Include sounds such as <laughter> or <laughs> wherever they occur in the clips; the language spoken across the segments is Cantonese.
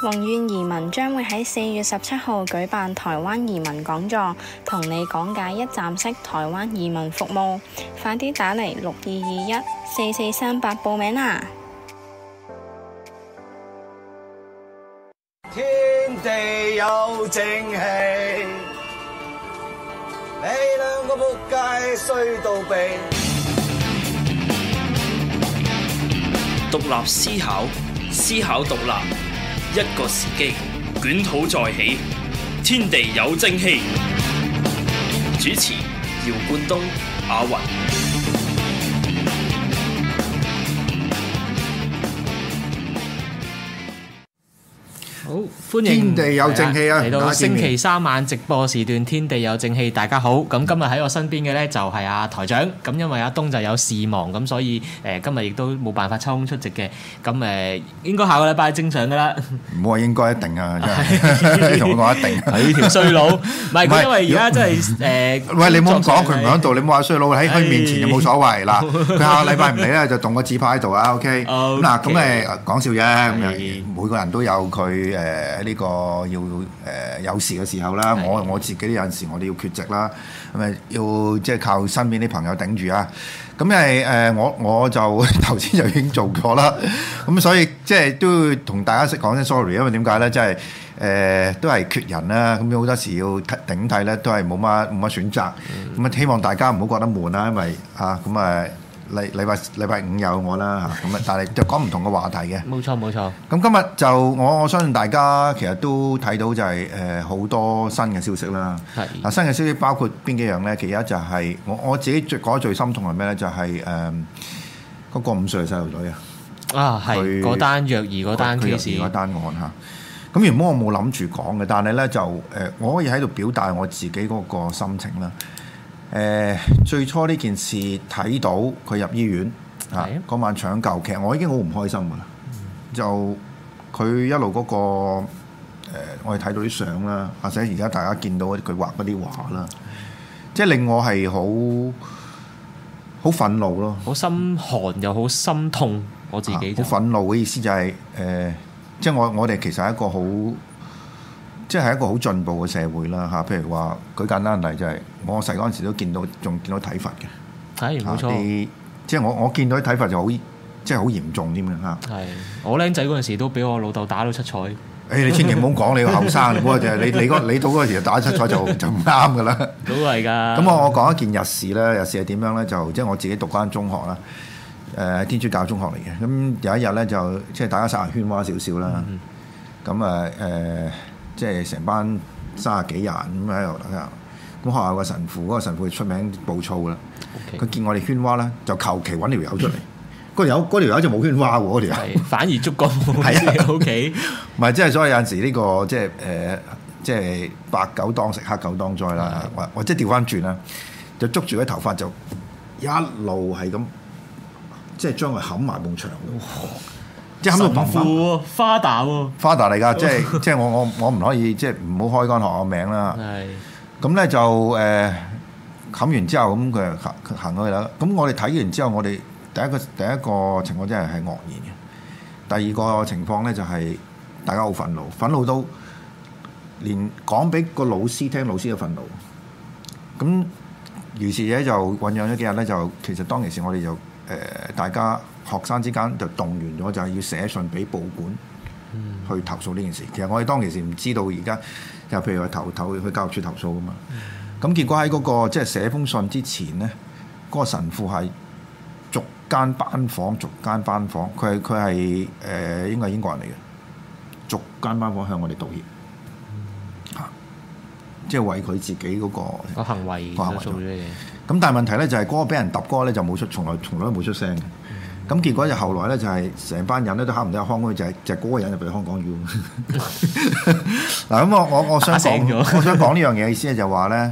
宏願移民將會喺四月十七號舉辦台灣移民講座，同你講解一站式台灣移民服務，快啲打嚟六二二一四四三八報名啦！天地有正氣，你兩個仆街衰到痹！獨立思考，思考獨立。一個時機，捲土再起，天地有正氣。主持：姚冠東、阿雲。歡迎天地有正氣啊！嚟到星期三晚直播時段，天地有正氣，大家好。咁今日喺我身邊嘅咧就係阿台長。咁因為阿東就有事忙，咁所以誒今日亦都冇辦法抽空出席嘅。咁誒應該下個禮拜正常㗎啦。唔好話應該一定啊，因為你同我講一定，你呢條衰佬。唔係因為而家真係誒，喂，你唔好講佢唔響度，你唔好話衰佬喺佢面前就冇所謂啦。佢下個禮拜唔嚟咧，就棟個字牌喺度啊。OK，嗱咁誒講笑啫，每個人都有佢誒。喺呢個要誒、呃、有事嘅時候啦，的我我自己有陣時我哋要缺席啦，咁啊要即係靠身邊啲朋友頂住啊。咁因為誒我我就頭先就已經做過啦，咁、嗯、所以即係都要同大家講聲 sorry，因為點解咧？即係誒、呃、都係缺人啦，咁好多時要頂替咧，都係冇乜冇乜選擇。咁啊、嗯，希望大家唔好覺得悶啦，因為啊咁啊。禮禮拜禮拜五有我啦嚇，咁啊，但係就講唔同嘅話題嘅。冇錯冇錯。咁今日就我我相信大家其實都睇到就係誒好多新嘅消息啦。係是。嗱，新嘅消息包括邊幾樣咧？其實就係、是、我我自己最講最心痛係咩咧？就係、是、誒、呃那個五歲細路女啊。啊他，係。嗰、那個、單虐兒嗰單件若嗰單案嚇。咁、嗯、原本我冇諗住講嘅，但係咧就誒我可以喺度表達我自己嗰個心情啦。誒最初呢件事睇到佢入醫院，啊嗰、啊、晚搶救，其實我已經好唔開心噶啦，嗯、就佢一路嗰、那個、呃、我哋睇到啲相啦，或者而家大家見到佢畫嗰啲畫啦，嗯、即係令我係好好憤怒咯，好心寒又好心痛我自己，就是。好、啊、憤怒嘅意思就係、是、誒、呃，即係我我哋其實係一個好。即係一個好進步嘅社會啦嚇，譬如話舉簡單例就係我細嗰陣時都見到，仲見到體罰嘅，係冇錯。啊、即係我我見到體罰就好，即係好嚴重添嘅嚇。係我僆仔嗰陣時都俾我老豆打到七彩。誒、哎，你千祈唔好講你個後生，你就係你你你到嗰時打七彩就就唔啱噶啦。都係㗎。咁、 <laughs> 嗯、我我講一件日事啦。日事係點樣咧？就即係我自己讀翻中學啦，誒、呃、天主教中學嚟嘅。咁有一日咧就即係大家散下圈玩少少啦，咁啊誒。嗯即係成班卅幾人咁喺度等下。咁、嗰個、學校個神父嗰、嗰個神父出名暴躁啦。佢 Okay. 見我哋喧嘩咧，就求其揾條友出嚟。嗰條友嗰條友就冇喧嘩喎，嗰條友反而捉個。係 <laughs> 啊，O K。唔係即係所以有陣時呢、呢個即係誒，即、就、係、是呃就是、白狗當食黑狗當災啦。的或或即係調翻轉啦，就捉住佢頭髮就一路係咁，即、就、係、是、將佢冚埋埲牆。即係冚個豆腐花蛋，花達嚟噶。即係即係我我我唔可以即係唔好開干學嘅名啦。咁咧 <laughs> 就誒冚、呃、完之後咁佢行行去啦。咁我哋睇完之後，我哋第一個第一個情況真係係愕然嘅，第二個情況咧就係、是、大家好憤怒，憤怒到連講俾個老師聽，老師嘅憤怒。咁於是咧就醞釀咗幾日咧，就其實當其時我哋就誒，大家學生之間就動員咗，就係要寫信俾報館去投訴呢件事。其實我哋當其時唔知道，而家又譬如話投投去教育處投訴㗎嘛。咁結果喺嗰個即係寫封信之前呢，嗰個神父係逐間班房逐間班房，佢佢係誒應該係英國人嚟嘅，逐間班房向我哋道歉，嚇，即係為佢自己嗰個行為做嘢。咁但係問題咧就係嗰個俾人揼嗰個咧就冇出，從來從來都冇出聲嘅。咁結果就後來咧就係、是、成班人咧都慘唔到，香港就係、是、就嗰、是、個人入嚟香港要。嗱咁 <laughs> <laughs> 我我我想講，我想講呢樣嘢意思咧就話咧，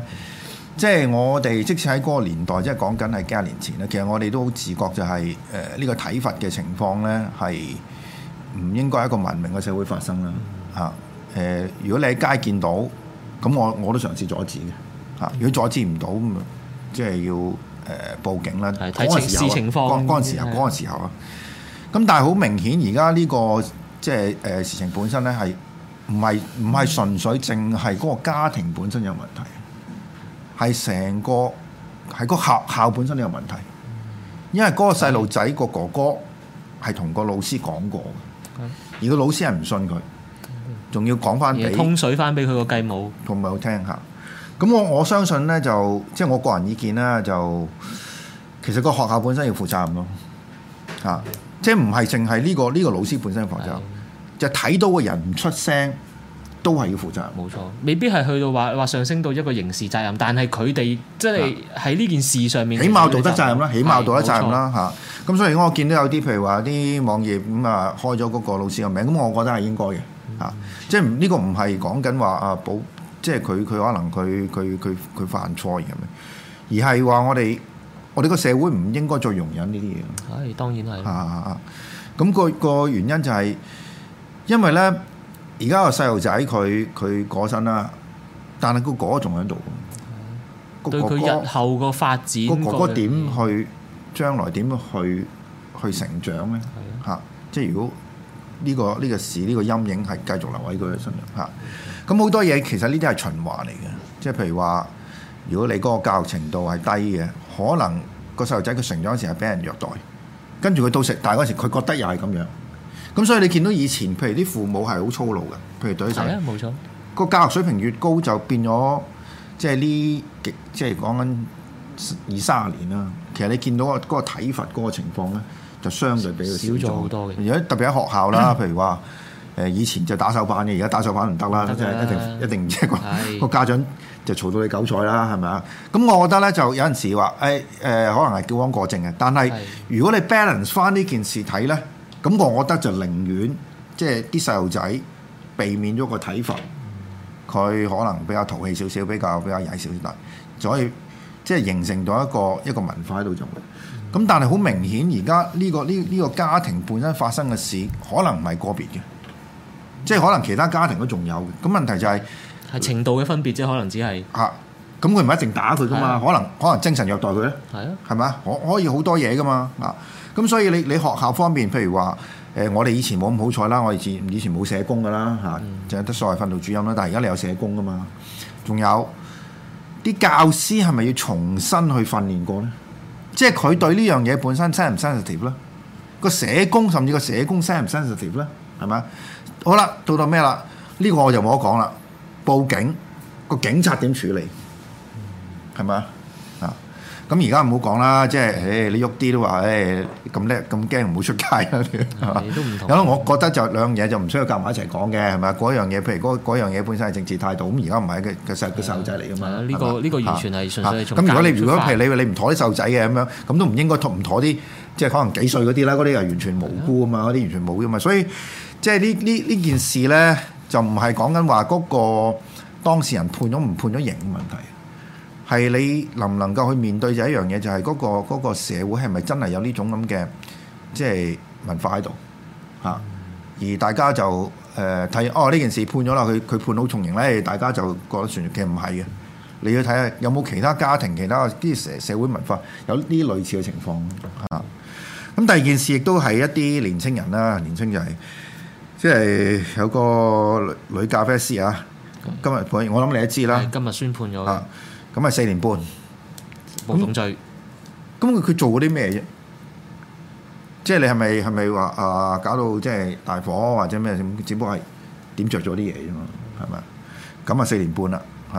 即係我哋即使喺嗰個年代，即係講緊係幾廿年前咧，其實我哋都好自覺就係誒呢個體罰嘅情況咧係唔應該一個文明嘅社會發生啦。嚇誒、嗯呃，如果你喺街見到，咁我我，我都嘗試阻止嘅。嚇、啊，如果阻止唔到咁即係要誒報警啦，睇情情況，嗰陣時候，嗰陣、啊、時候啊。咁的但係好明顯，呢個，而家呢個即係誒事情本身咧，係唔係唔係純粹淨係嗰個家庭本身有問題，係成個係個校校本身都有問題。因為嗰個細路仔個哥哥係同個老師講過嘅，的而個老師係唔信佢，仲要講翻俾通水翻俾佢個繼母同埋好聽下。咁我、嗯、我相信咧，就即係我個人意見啦，就其實個學校本身要負責任咯，吓，即係唔係淨係呢個呢個老師本身負責，就睇到嘅人唔出聲，都係要負責。冇錯，未必係去到話話上升到一個刑事責任，但係佢哋即係喺呢件事上面，起碼道德責任啦，是起碼道德責任啦吓。咁所以我見到有啲譬如話啲網頁咁啊開咗嗰個老師嘅名，咁我覺得係應該嘅，吓，即係呢個唔係講緊話啊保。即係佢佢可能佢佢佢佢犯錯而噉樣，而係話我哋我哋個社會唔應該再容忍呢啲嘢。唉，當然係、啊。咁、嗰個個原因就係、是、因為咧，而家個細路仔佢佢過身啦，但係個哥仲喺度。對佢哥日後個發展，個哥哥點去將來點去去成長咧？嚇是、啊啊，即係如果。呢個呢、這個事呢個陰影係繼續留喺佢嘅身上嚇，咁好、嗯、多嘢其實呢啲係循環嚟嘅，即係譬如話，如果你嗰個教育程度係低嘅，可能個細路仔佢成長嗰時係俾人虐待，跟住佢到成大嗰時佢覺得又係咁樣，咁所以你見到以前譬如啲父母係好粗魯嘅，譬如對手，冇錯、啊。個教育水平越高就變咗，即係呢極即係講緊二三十年啦。其實你見到嗰個體罰嗰個情況咧。就相對比較少咗好多嘅，而家特別喺學校啦，譬如話，誒以前就打手板嘅，而家打手板唔得啦，即係一定一定即係個家長就嘈到你九彩啦，係咪啊？咁我覺得咧，就有陣時話誒誒，可能係矯枉過正嘅，但係的如果你 balance 翻呢件事睇咧，咁我覺得就寧願即係啲細路仔避免咗個體罰，佢可能比較淘氣少少，比較比較曳少少啲，所以即係、就是、形成咗一個一個文化喺度用。咁但係好明顯，這個，而家呢個呢呢個家庭本身發生嘅事，可能唔係個別嘅，嗯、即係可能其他家庭都仲有嘅。咁問題就係、是、係程度嘅分別啫，可能只係嚇。咁佢唔係一定打佢噶嘛，是啊、可能可能精神虐待佢咧，係是啊，啊，係咪啊？可可以好多嘢噶嘛啊！咁所以你你學校方面，譬如話誒、呃，我哋以前冇咁好彩啦，我哋以以前冇社工噶啦嚇，淨係得所謂訓導主任啦。但係而家你有社工噶嘛？仲有啲教師係咪要重新去訓練過咧？即係佢對呢樣嘢本身 s sensitive 啦，個社工甚至個社工 Sam sensitive 啦，係嘛？好啦，到到咩啦？呢、這個我就冇得講啦。報警，個警察點處理？係咪？咁而家唔好講啦，即係，誒、哎、你喐啲都話，誒咁叻咁驚唔好出街啊！都唔同咯，我覺得兩就兩樣嘢就唔需要夾埋一齊講嘅，係咪啊？嗰樣嘢，譬如嗰樣嘢、那個、本身係政治態度，咁而家唔係個細個細路仔嚟啊嘛。呢個呢個完全係咁如果你、嗯、如果譬發如你話你唔妥啲細路仔嘅咁樣，咁都唔應該妥唔妥啲，即係可能幾歲嗰啲啦，嗰啲又完全無辜是啊嘛，嗰啲完全冇啊嘛，所以即係呢呢呢件事咧，就唔係講緊話嗰個當事人判咗唔判咗刑嘅問題。係你能唔能夠去面對就一樣嘢，就係嗰個嗰個社會係咪真係有呢種咁嘅即係文化喺度嚇？嗯、而大家就誒睇、呃、哦，呢件事判咗啦，佢佢判好重刑咧，大家就覺得其實唔係嘅。你要睇下有冇其他家庭、其他啲社社會文化有啲類似嘅情況嚇。咁、啊、第二件事亦都係一啲年青人啦，年青就係即係有個女女咖啡師啊，嗯、今日判，我諗你都知啦、嗯，今日宣判咗啦。咁啊，四年半暴動罪。咁佢做嗰啲咩啫？即係你係咪係咪話啊？搞到即係大火或者咩？只不過係點着咗啲嘢啫嘛，係咪？咁啊，四年半啦嚇。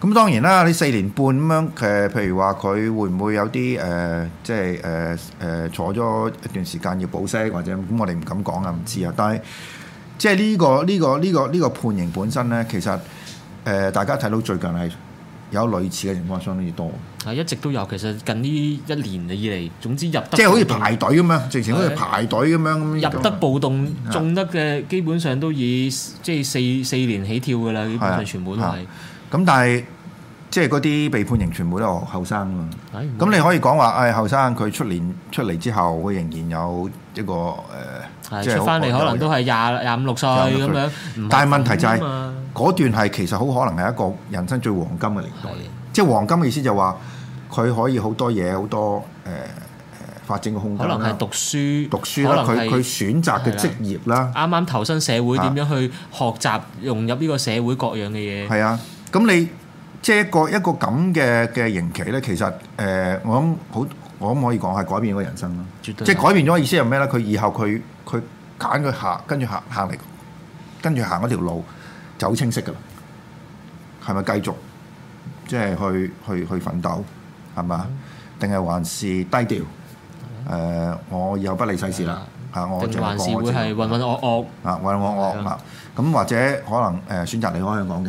咁、啊、當然啦，你四年半咁樣誒，譬如話佢會唔會有啲誒、呃，即係誒誒坐咗一段時間要保釋或者咁？我哋唔敢講啊，唔知啊。但係即係呢、呢個呢、呢個呢、呢個呢、呢個呢個判刑本身咧，其實誒、呃、大家睇到最近係。有類似嘅情況相當之多。係一直都有，其實近呢一年以嚟，總之入得即係好似排隊咁樣，直情好似排隊咁樣。入得暴動，中得嘅基本上都以即係四四年起跳嘅啦，基本上全部都係。咁但係即係嗰啲被判刑全部都係後生。咁你可以講話，誒、哎、後生佢出年出嚟之後，佢仍然有一個誒，呃、的即係出翻嚟可能都係廿廿五六歲咁樣。但係問題就係、是。嗰段係其實好可能係一個人生最黃金嘅年代，的即係黃金嘅意思就話佢可以好多嘢，好多誒誒、呃、發展嘅空間。可能係讀書，讀書啦。佢佢選擇嘅職業啦。啱啱投身社會，點樣去學習、啊、融入呢個社會各樣嘅嘢。係啊，咁你即係一個一個咁嘅嘅刑期咧，其實誒、呃，我諗好，我諗可以講係改變個人生咯。絕對。即係改變咗，意思係咩咧？佢以後佢佢揀佢行，跟住行行嚟，跟住行嗰條路。走清晰噶啦，係咪繼續即係去去去奮鬥，係嘛？定係、嗯、還是低調？誒、呃，我有不離世事啦，嚇的！我仲還，還是會係渾渾噩噩？嚇、啊！渾渾噩噩的啊！咁或者可能誒、呃、選擇離開香港嘅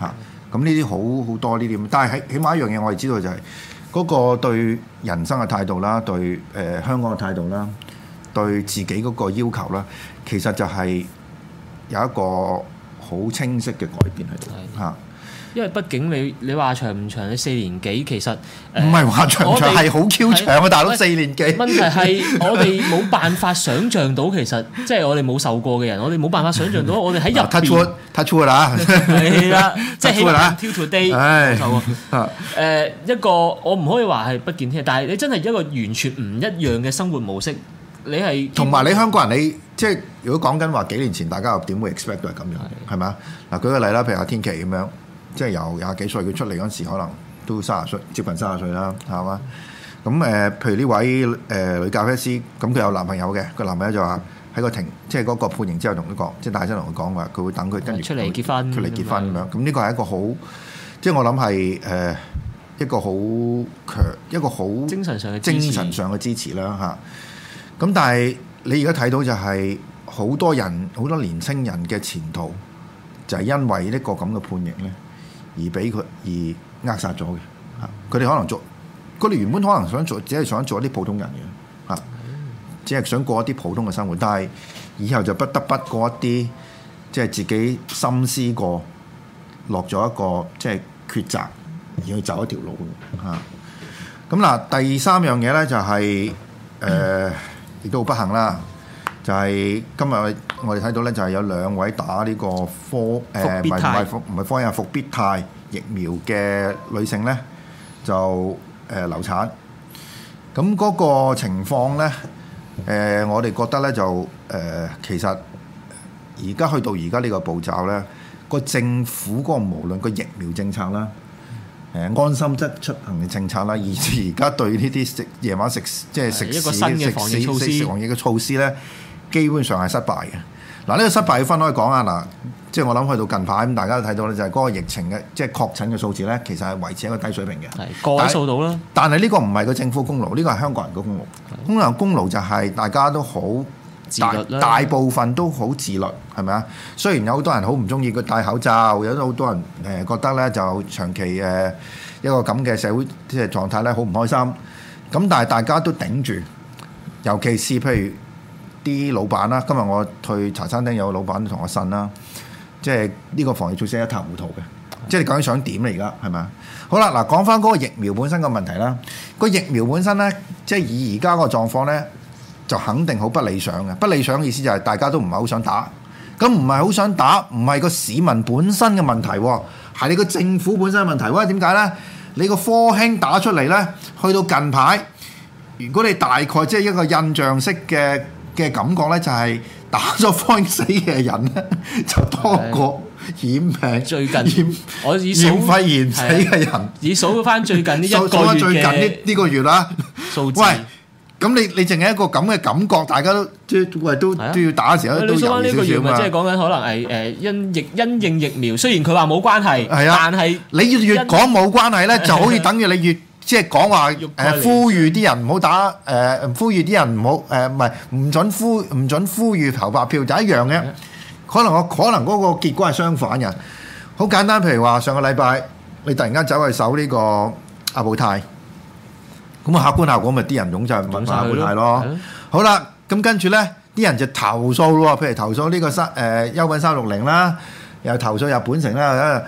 嚇？咁呢啲好好多呢啲，但係係起碼一樣嘢，我哋知道就係、是、嗰、那個對人生嘅態度啦，對誒、呃、香港嘅態度啦，對自己嗰個要求啦，其實就係有一個。好清晰嘅改變去睇，嚇 <noise> 因為畢竟你你話長唔長？你四年幾其實唔係話長，長係好 Q 長啊！大佬四年幾，問題係我哋冇辦法想像到，其實即係 <laughs> 我哋冇受過嘅人，我哋冇辦法想像到，我，我哋喺入邊。太粗太粗啦，係啦，即係起碼跳到地。唉，誒一個我唔可以話係不見天日，但係你真係一個完全唔一樣嘅生活模式。你係同埋你香港人，你即係如果講緊話，幾年前大家又點會 expect 到係咁樣，係嘛？嗱，舉個例啦，譬如阿天琪咁樣，即係由廿幾歲，佢出嚟嗰時可能都卅歲，接近卅歲啦，係嘛？咁誒，譬如呢位誒女咖啡師，咁佢有男朋友嘅，個男朋友就話喺個庭，即係嗰個判刑之後同佢講，即係大聲同佢講話，佢會等佢跟住出嚟結婚，出嚟結婚咁樣。咁呢個係一個好，即係我諗係誒一個好強，一個好精神上嘅精神上嘅支持啦，吓。咁但係你而家睇到就係好多人、好多年青人嘅前途就係因為呢個咁嘅判刑咧，而俾佢而扼殺咗嘅嚇。佢哋可能做，佢哋原本可能想做，只係想做一啲普通人嘅嚇，mm. 只係想過一啲普通嘅生活，但係以後就不得不過一啲即係自己深思過落咗一個即係、就是、抉擇、mm. 而去走一條路嘅嚇。咁嗱、mm. 嗯，第三樣嘢咧就係、是、誒。Mm. 呃亦都不幸啦，就係今日我哋睇到咧，就係有兩位打呢個科，誒唔係唔係，方也復必泰疫苗嘅女性咧，就誒，流產。咁嗰個情況咧，誒我哋覺得咧，就誒其實而家去到而家呢個步驟咧，個政府嗰個無論個疫苗政策啦。誒安心質出行嘅政策啦，而而家對呢啲食夜晚食即係食肆食肆食防疫嘅措施咧，基本上係失敗嘅。嗱呢、這個失敗要分開講啊！嗱，即係我諗去到近排咁，大家都睇到咧，就係、是、嗰個疫情嘅即係確診嘅數字咧，其實係維持一個低水平嘅，個位數到啦。但係呢個唔係個政府功勞，呢、這個係香港人嘅功勞。香港人功勞就係大家都好。大，大部分都好自律，係咪啊？雖然有好多人好唔中意佢戴口罩，有好多人誒覺得咧就長期誒、呃、一個咁嘅社會即係狀態咧好唔開心。咁但係大家都頂住，尤其是譬如啲老闆啦。今日我去茶餐廳有個老闆同我呻啦，即係呢個防疫措施一塌糊塗嘅，是的 即係講緊想點嚟㗎，係咪啊？好啦，嗱講翻嗰個疫苗本身嘅問題啦。個疫苗本身咧，即係以而家個狀況咧。就肯定好不理想嘅，不理想嘅意思就係大家都唔係好想打，咁唔係好想打，唔係個市民本身嘅問題，係你個政府本身嘅問題。喂，點解呢？你個科興打出嚟呢，去到近排，如果你大概即係一個印象式嘅嘅感覺呢，就係打咗科興死嘅人咧就多過染病，的染最近染肺炎死嘅人。你數翻最近呢一個月嘅呢個月啦，數字。喂咁你你淨係一個咁嘅感覺，大家都即係都都要打嘅時候，都都有少少嘛。你講呢個嘢咪即係講緊可能係誒因疫因應疫苗，雖然佢話冇關係，係啊，但係你越講冇關係咧，就好似等於你越即係講話誒，呼籲啲人唔好打誒，唔呼籲啲人唔好誒，唔係唔準呼唔準呼籲投白票就一樣嘅。可能我可能嗰個結果係相反嘅。好簡單，譬如話上個禮拜你突然間走去搜呢個阿布泰。咁啊，客觀效果咪啲人湧就文化活態咯。嗯嗯、好啦，咁跟住咧，啲人就投訴咯，譬如投訴呢、這個三誒優品三六零啦，又投訴日本城啦。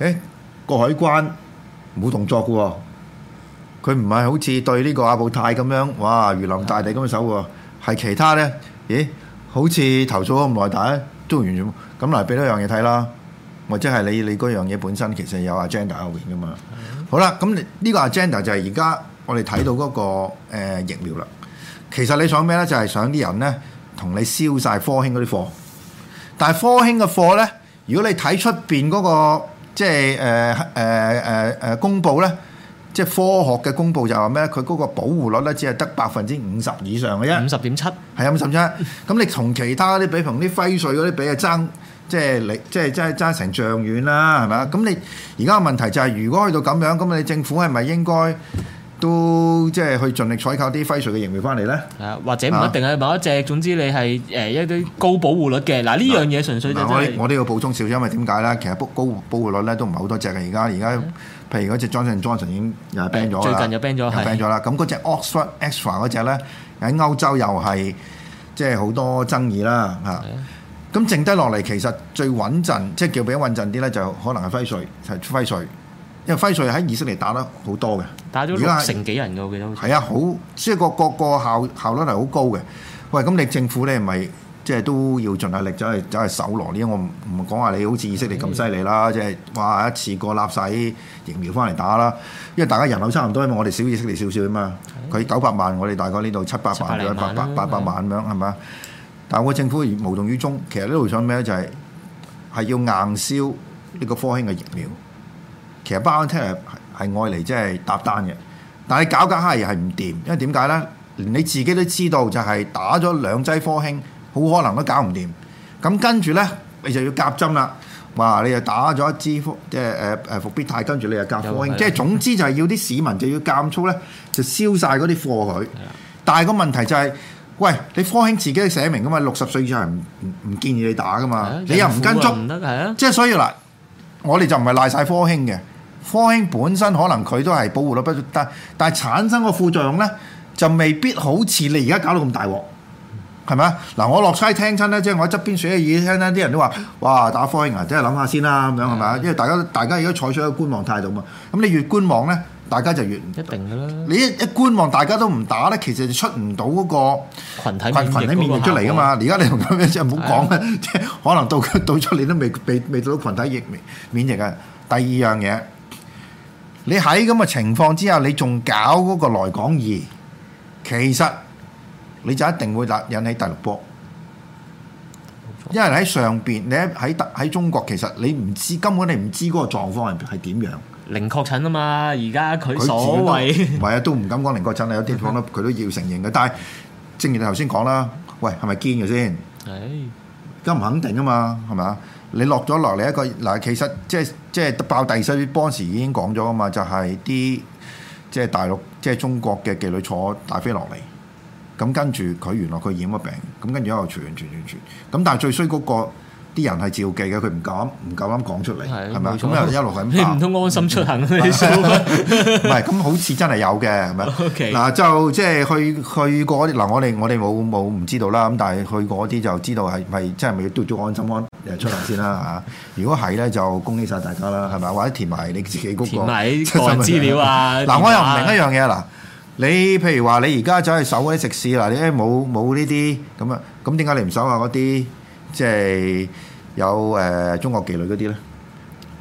誒、欸，個海關冇動作嘅喎，佢唔係好似對呢個阿布泰咁樣，哇，魚林大地咁嘅手喎。係是的 其他咧，咦、欸，好似投訴咗咁耐，但係都完全咁嚟俾多樣嘢睇啦。或者係你你嗰樣嘢本身其實有 agenda 喺入面嘅嘛。的好啦，咁、嗯、呢、這個 agenda 就係而家。我哋睇到嗰、那個、呃、疫苗啦，其實你想咩咧？就係、是、想啲人咧同你銷晒科興嗰啲貨，但係科興嘅貨咧，如果你睇出邊嗰個即係誒誒誒誒公佈咧，即係、呃呃呃、科學嘅公佈就話咩？佢嗰個保護率咧只係得百分之五十以上嘅啫，五十點七係啊，五十點七。咁你同其他啲，比同啲輝瑞嗰啲比啊，爭即係你，即係真係爭成象遠啦，係咪啊？咁你而家個問題就係、是，如果去到咁樣，咁你政府係咪應該？都即係去盡力採購啲輝瑞嘅疫苗翻嚟咧，係啊，或者唔一定係某一隻，總之你係誒一啲高保護率嘅。嗱呢、啊、樣嘢純粹就係、我我都要補充少少，因為點解咧？其實高保護率咧都唔係好多隻嘅。而家而家譬如嗰隻 John Johnson Johnson 已經又係 ban 咗，最近又 ban 咗，ban 咗啦。咁嗰隻 Oxford Extra 嗰隻咧喺歐洲又係即係好多爭議啦。嚇、啊，咁剩低落嚟其實最穩陣，即係叫比較穩陣啲咧，就可能係輝瑞，係輝瑞。因為輝瑞喺以色列打得好多嘅，而家成幾人嘅我記得。係啊，好即係個個個效效率係好高嘅。喂，咁你政府咧係咪即係都要盡下力，走去走去搜羅呢？我唔唔講話你好似以色列咁犀利啦，即係哇一次過立晒疫苗翻嚟打啦。因為大家人口差唔多，因為係。我哋少以色列少少啊嘛。佢九百萬，我哋大概呢度七八百萬,百萬八百八百萬咁樣，係咪啊？係。但係我政府無動於衷。其實呢度想咩就係，係要硬銷呢個科興嘅疫苗。其實包安聽係外嚟即係搭單嘅，但係搞緊係又係唔掂，因為點解咧？連你自己都知道，就係打咗兩劑科興，好可能都搞唔掂。咁跟住咧，你就要夾針啦。哇！你又打咗一支即係誒誒復必泰，跟住你又夾科興，是即係總之就係要啲市民就要監粗咧，就燒晒嗰啲貨佢。的但係個問題就係、是，喂，你科興自己都寫明㗎嘛，六十歲以上唔唔建議你打㗎嘛，的你又唔跟足，即係所以嗱，我哋就唔係賴晒科興嘅。科興本身可能佢都係保護率不足，但係產生個副作用咧就未必好似你而家搞到咁大鑊，係咪？嗱，我落曬聽親咧，即係我喺側邊嘅嘢聽咧，啲人都話：哇，打科興想想是啊，即係諗下先啦，咁樣係咪啊？因為大家大家而家採取一個觀望態度嘛，咁你越觀望咧，大家就越唔一定嘅啦。你一一觀望，大家都唔打咧，其實就出唔到嗰個羣體羣體免疫出嚟㗎嘛。而家你同佢即啫？唔好講啦，即係 <laughs> <laughs> <laughs> 可能到到咗你都未未未，未到到群體疫免疫嘅第二樣嘢。你喺咁嘅情況之下，你仲搞嗰個來港易，其實你就一定會引起第六波，錯因為喺上邊，你喺喺喺中國，其實你唔知，根本你唔知嗰個狀況係係點樣。零確診啊嘛，而家佢所謂唔係 <laughs> 啊，都唔敢講零確診啊，有啲地方佢都要承認嘅。但係正如你頭先講啦，喂，係咪堅嘅先？誒是，都唔肯定啊嘛，係咪啊？你落咗落嚟一個嗱，其實即係即係爆大水，當時已經講咗啊嘛，就係、是、啲即係大陸即係中國嘅妓女坐大飛落嚟，咁跟住佢原來佢染咗病，咁跟住一路傳傳傳傳，咁但係最衰嗰、那個。啲人係照記嘅，佢唔敢唔敢講出嚟，係咪？咁又一路咁，你唔通安心出行啊？你唔係咁好似真係有嘅，係咪？嗱，就即係去去過嗰啲，嗱，我哋我哋冇冇唔知道啦。咁但係去過嗰啲就知道係係即係咪要都要安安心心出行先啦嚇。如果係咧，就恭喜晒大家啦，係咪？或者填埋你自己嗰個個人資料啊？嗱，我又唔明一樣嘢啊！嗱，你譬如話你而家走去搜嗰啲食肆，嗱，你冇冇呢啲咁啊？咁點解你唔搜下嗰啲？即係有誒、呃、中國妓女嗰啲咧，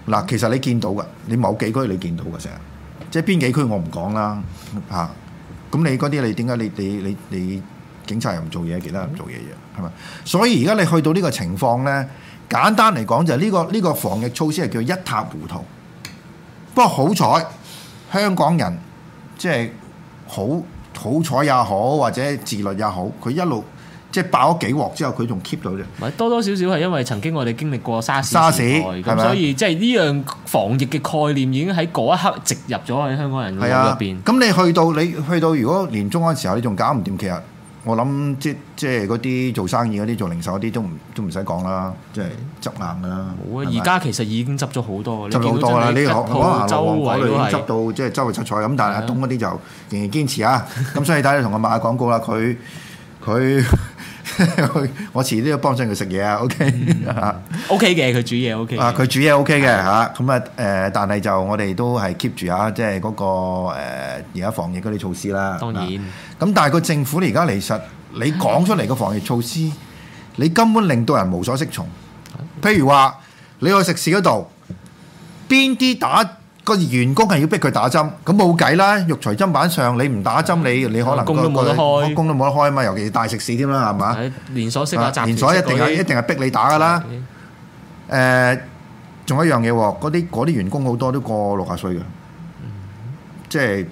嗱，其實你見到嘅，你某幾區你見到嘅成日，即係邊幾區我唔講啦嚇，咁你嗰啲你點解你你你你警察又唔做嘢，其他人唔做嘢嘅，係咪？所以而家你去到呢個情況咧，簡單嚟講就係呢個呢個防疫措施係叫一塌糊塗。不過好彩香港人即係好好彩也好，或者自律也好，佢一路。即係爆咗幾鑊之後，佢仲 keep 到啫。多多少少係因為曾經我哋經歷過沙士時代，咁所以即係呢樣防疫嘅概念已經喺嗰一刻植入咗喺香港人入邊。咁你去到你去到，如果年中嗰時候你仲搞唔掂，其實我諗即即係嗰啲做生意嗰啲做零售嗰啲，都唔都唔使講啦，即係執硬㗎啦。而家其實已經執咗好多，執好多啦。你可能周圍黃鬼，執到即係周圍七彩。咁但係阿董嗰啲就仍然堅持啊。咁所以睇你同阿買下廣告啦。佢佢。 <laughs> 我遲啲要幫襯佢食嘢啊！OK，啊 <laughs> OK 嘅，佢煮嘢 OK 啊，佢 <laughs> 煮嘢 OK 嘅嚇。咁啊誒，但係就我哋都係 keep 住啊，即係嗰個而家、呃、防疫嗰啲措施啦。當然，咁、啊、但係個政府你而家嚟實，你講出嚟個防疫措施， <laughs> 你根本令到人無所適從。譬如話，你去食肆嗰度，邊啲打？個員工係要逼佢打針，咁冇計啦。肉隨砧板上，你唔打針，你你可能工都冇得開，工都冇得開啊嘛。尤其是大食肆添啦，係嘛？連鎖式啊，連鎖一定係一定係逼你打噶啦。誒，仲有一樣嘢，嗰啲嗰啲員工好多都過六十歲嘅，即係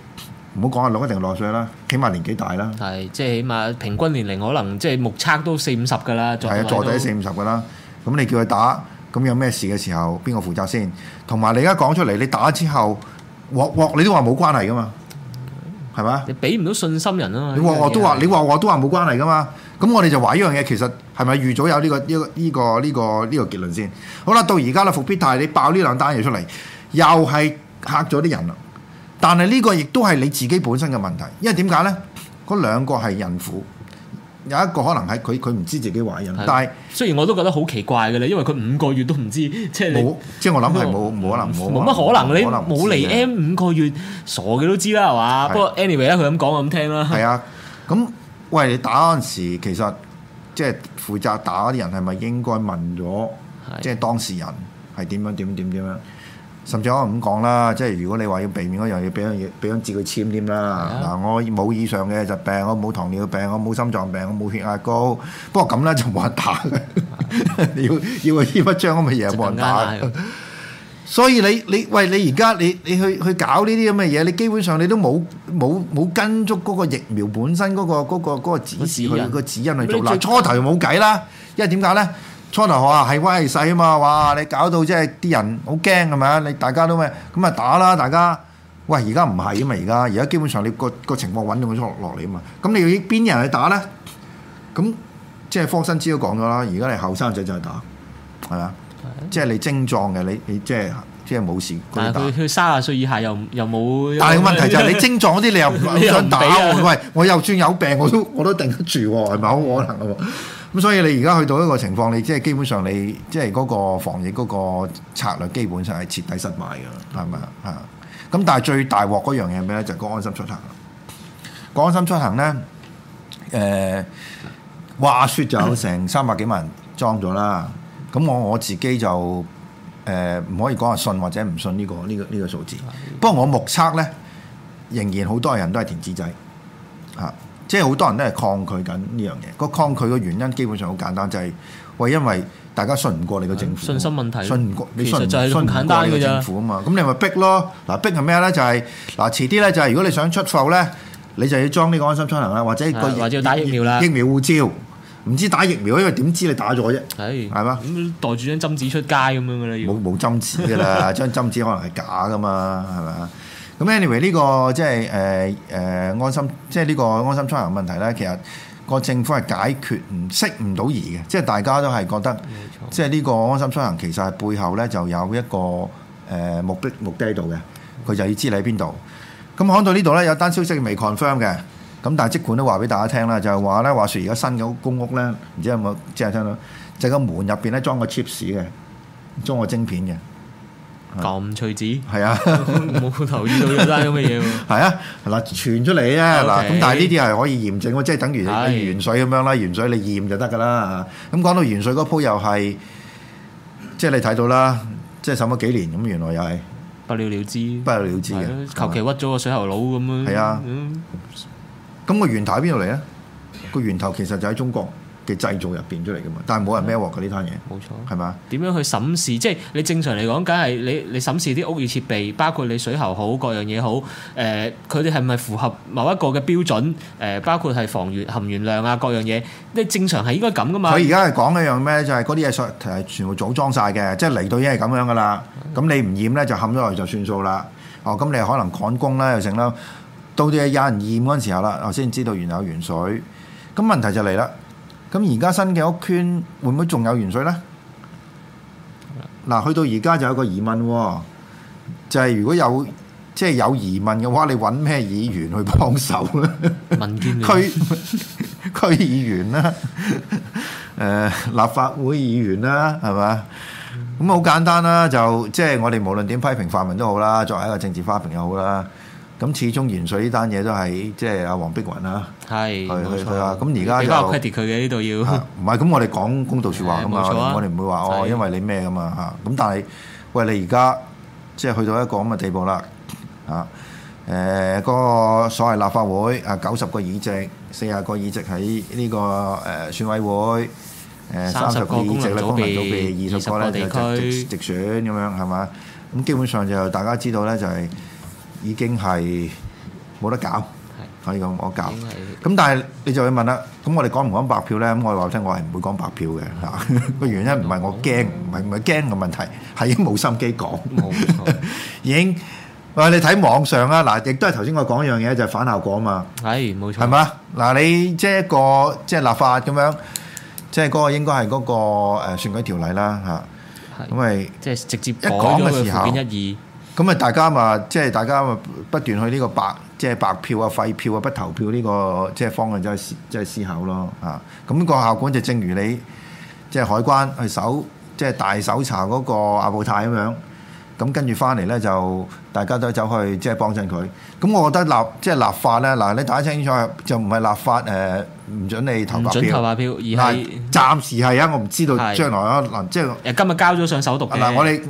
唔好講阿老一定六十歲啦，起碼年紀大啦。係，即係起碼平均年齡可能即係目測都四五十噶啦，坐坐低四五十噶啦。咁你叫佢打？咁有咩事嘅時候，邊個負責先？同埋你而家講出嚟，你打之後，鑊鑊你都話冇關係噶嘛，係嘛？你俾唔到信心人啊這是 嘛！你鑊鑊都話，你話我都話冇關係噶嘛？咁我哋就話一樣嘢，其實係咪預早有呢個呢個呢個呢個呢個結論先？好啦，到而家啦，復必泰你爆呢兩單嘢出嚟，又係嚇咗啲人啦。但係呢個亦都係你自己本身嘅問題，因為點解咧？嗰兩個係孕婦。有一個可能係佢佢唔知自己懷孕，的但係是雖然我都覺得好奇怪嘅咧，因為佢五個月都唔知，即係冇，即係、就是、我諗係冇冇可能冇乜可能你冇嚟 M 五個月傻嘅都知啦，係嘛的？不過 anyway 咧，佢咁講咁聽啦。係啊，咁，喂，你打嗰陣時其實即係、就是、負責打啲人係咪應該問咗，即係的當事人係點樣點點點樣？甚至可以咁講啦，即係如果你話要避免嗰樣嘢，俾樣嘢俾張紙佢簽添啦。嗱的，我冇以上嘅疾病，我冇糖尿病，我冇心臟病，我冇血壓高。不過咁啦，就冇人打的 <laughs> 要。要要個紙一張咁嘅嘢冇人打。的所以你你，你喂你而家你你去你去搞呢啲咁嘅嘢，你基本上你都冇冇冇跟足嗰個疫苗本身嗰、嗰個嗰、嗰個嗰、嗰個嗰個指示去個指引去做。嗱的，初頭就冇計啦，因為點解咧？初頭話係威勢啊嘛，哇！你搞到即係啲人好驚係咪啊？你大家都咩咁啊打啦，大家喂，而家唔係啊嘛而家，而家基本上你個個情況穩定咗落嚟啊嘛，咁你要邊人去打咧？咁即係方新生都講咗啦，而家你後生仔就去打係咪啊？即係你，的你精壯嘅你你即、就、係、是。即係冇事，佢打。但係佢卅歲以下又又冇。但係個問題就係，你症狀嗰啲你又唔想打喎？喂，我又算有病，我都我都頂得住喎，係咪好可能？咁所以你而家去到一個情況，你即係基本上你即係嗰個防疫嗰個策略，基本上係徹底失敗噶啦，係咪啊？咁但係最大鑊嗰樣嘢係咩咧？就係個安心出行啦。個安心出行咧，誒，話說就有成三百幾萬人裝咗啦。咁我我自己就。誒，唔、呃、可以講係信或者唔信呢，這個呢，這個呢，這個數字。不過我目測咧，仍然好多人都係填字仔，吓，啊，即係好多人都係抗拒緊呢樣嘢。個抗拒嘅原因基本上好簡單，就係喂，因為大家信唔過你個政府，信心問題，信唔過，過你信唔過你政府啊嘛。咁你咪逼咯。嗱，逼係咩咧？就係、是、嗱、啊，遲啲咧就係、是、如果你想出埠咧，你就要裝呢個安心出行啦，或者個疫苗啦，疫苗護照。唔知打疫苗，因為點知你打咗啫，係嘛的？咁袋住張針紙出街咁樣嘅啦，冇冇針紙嘅啦， <laughs> 張針紙可能係假嘅嘛，係咪啊？咁 anyway 呢個即係誒誒安心，即係呢個安心出行問題咧，其實個政府係解決唔識唔到疑嘅，即係大家都係覺得，錯即係呢個安心出行其實係背後咧就有一個誒目的目的喺度嘅，佢就要知你喺邊度。咁講到呢度咧，有單消息未 confirm 嘅。咁但係即管都話俾大家聽啦，就係話咧，話説而家新嘅公屋咧，唔知有冇即係聽到，就喺個門入邊咧裝個 chip 嘅，裝個晶片嘅，咁脆之，係啊，冇留意到有單咁嘅嘢喎。係啊，嗱傳出嚟啊，嗱咁，但係呢啲係可以驗證嘅，即係等於原水咁樣啦，原水你驗就得㗎啦。咁講到原水嗰鋪又係，即係你睇到啦，即係滲咗幾年，咁原來又係不，不了了之，不了了之，嘅。求其屈咗個水喉佬咁樣。係啊。 <laughs> <laughs> 咁個源頭喺邊度嚟咧？個源頭其實就喺中國嘅製造入邊出嚟噶嘛，但係冇人孭鑊㗎呢攤嘢，冇錯，係嘛？點樣去審視？即係你正常嚟講，梗係你你審視啲屋宇設備，包括你水喉好各樣嘢好。誒，佢哋係咪符合某一個嘅標準？誒，包括係防鹽含鉛量啊各樣嘢。即正常係應該咁噶嘛？佢而家係講一樣咩咧？就係嗰啲嘢誒全部組裝晒嘅，即係嚟到已經係咁樣噶啦。咁你唔驗咧，就冚咗落就算數啦。哦，咁你可能趕工啦，又成啦。到底係有人驗嗰陣時候啦，我先知道原有原水。咁問題就嚟啦。咁而家新嘅屋邨會唔會仲有原水咧？嗱，去到而家就有個疑問，就係、是、如果有即係、就是、有疑問嘅話，你揾咩議員去幫手咧？區區 <laughs> 議員啦，誒 <laughs> <laughs> 立法會議員啦，係嘛？咁好簡單啦，就即係、就是、我哋無論點批評泛民都好啦，作為一個政治花瓶又好啦。咁始終延續呢單嘢都係即係阿黃碧雲啦，係冇錯啦。咁而家又佢嘅呢度要唔係咁？我哋講公道説話噶嘛，我哋唔會話哦，因為你咩噶嘛嚇。咁但係喂，你而家即係去到一個咁嘅地步啦嚇。誒嗰個所謂立法會啊，九十個議席，四十個議席喺呢個誒選委會誒三十個議席咧，功能組別二十個咧就直直選咁樣係嘛？咁基本上就大家知道咧就係。已經係冇得搞，係可以咁我搞。咁但係你就會問啦，咁我哋講唔講白票咧？咁我話聽，我係唔會講白票嘅嚇。個原因唔係我驚，唔係唔係驚嘅問題，係已經冇心機講。冇錯，已經話你睇網上啦，嗱，亦都係頭先我講一樣嘢，就係反效果啊嘛。係冇錯，係嘛？嗱，你即係一個即係立法咁樣，即係嗰個應該係嗰個誒選舉條例啦嚇。係，因為即係直接改咗佢附件一二。咁啊！大家嘛，即係大家唔不斷去呢個白，即係白票啊、廢票啊、不投票呢個即係方向，就即係思考咯吓。咁個效果就正如你，即係海關去搜，即係大搜查嗰個阿布泰咁樣。咁跟住翻嚟咧，就大家都走去即係幫襯佢。咁我覺得立即係立法咧，嗱，你睇清楚，就唔係立法誒，唔准你投白票，唔准投白票，而係暫時係啊！我唔知道將來啊，嗱的，即係今日交咗上手讀嗱我哋。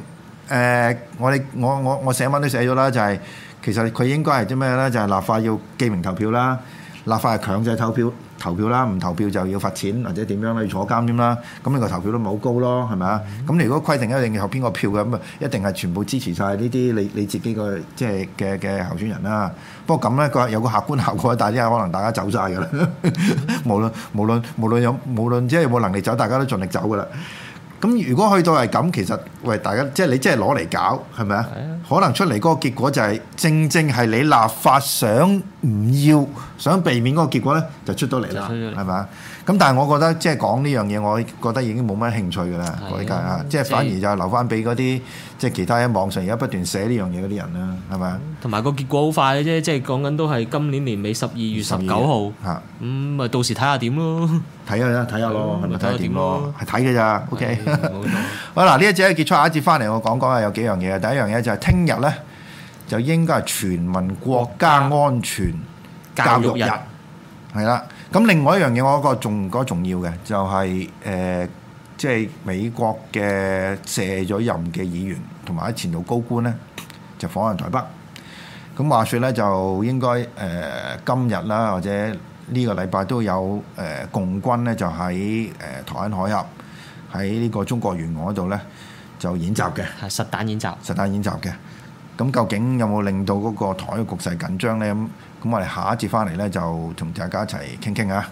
誒，我哋我我我寫文都寫咗啦，就係其實佢應該係啲咩咧？就係立法要記名投票啦，立法係強制投票投票啦，唔投票就要罰錢或者點樣咧？要坐監添啦。咁呢個投票都唔係好高咯，係咪啊？咁你如果規定一定要投邊個票嘅咁啊，一定係全部支持曬呢啲你你自己個即係嘅嘅候選人啦。不過咁咧個有個客觀效果，但係而家可能大家走曬㗎啦。無論無論無論有無論即係有冇能力走，大家都盡力走㗎啦。咁如果去到係咁，其實喂，大家即係你即係攞嚟搞，係咪是啊？可能出嚟嗰個結果就係、是、正正係你立法想唔要、想避免嗰個結果咧，就出到嚟啦，係咪啊？咁但係我覺得即係講呢樣嘢，我覺得已經冇乜興趣噶啦，各位家即係反而就係留翻俾嗰啲即係其他喺網上而家不斷寫呢樣嘢嗰啲人啦，係咪？同埋個結果好快嘅啫，即係講緊都係今年年尾十二月十九號，咁咪到時睇下點咯？睇下啊睇下咯，係咪睇下點咯？係睇嘅咋，OK。好嗱，呢一節結束，下一節翻嚟我講講下有幾樣嘢。第一樣嘢就係聽日咧，就應該係全民國家安全教育日，係啦。咁另外一樣嘢，我覺得仲嗰個重要嘅就係誒，即係美國嘅卸咗任嘅議員同埋前度高官咧，就訪問台北。咁話說咧，就應該誒今日啦，或者呢個禮拜都有誒共軍咧，就喺誒台灣海峽喺呢個中國沿岸嗰度咧，就演習嘅。係實彈演習。實彈演習嘅。咁究竟有冇令到嗰個台嘅局勢緊張咧？咁我哋下一節翻嚟咧，就同大家一齊傾傾啊！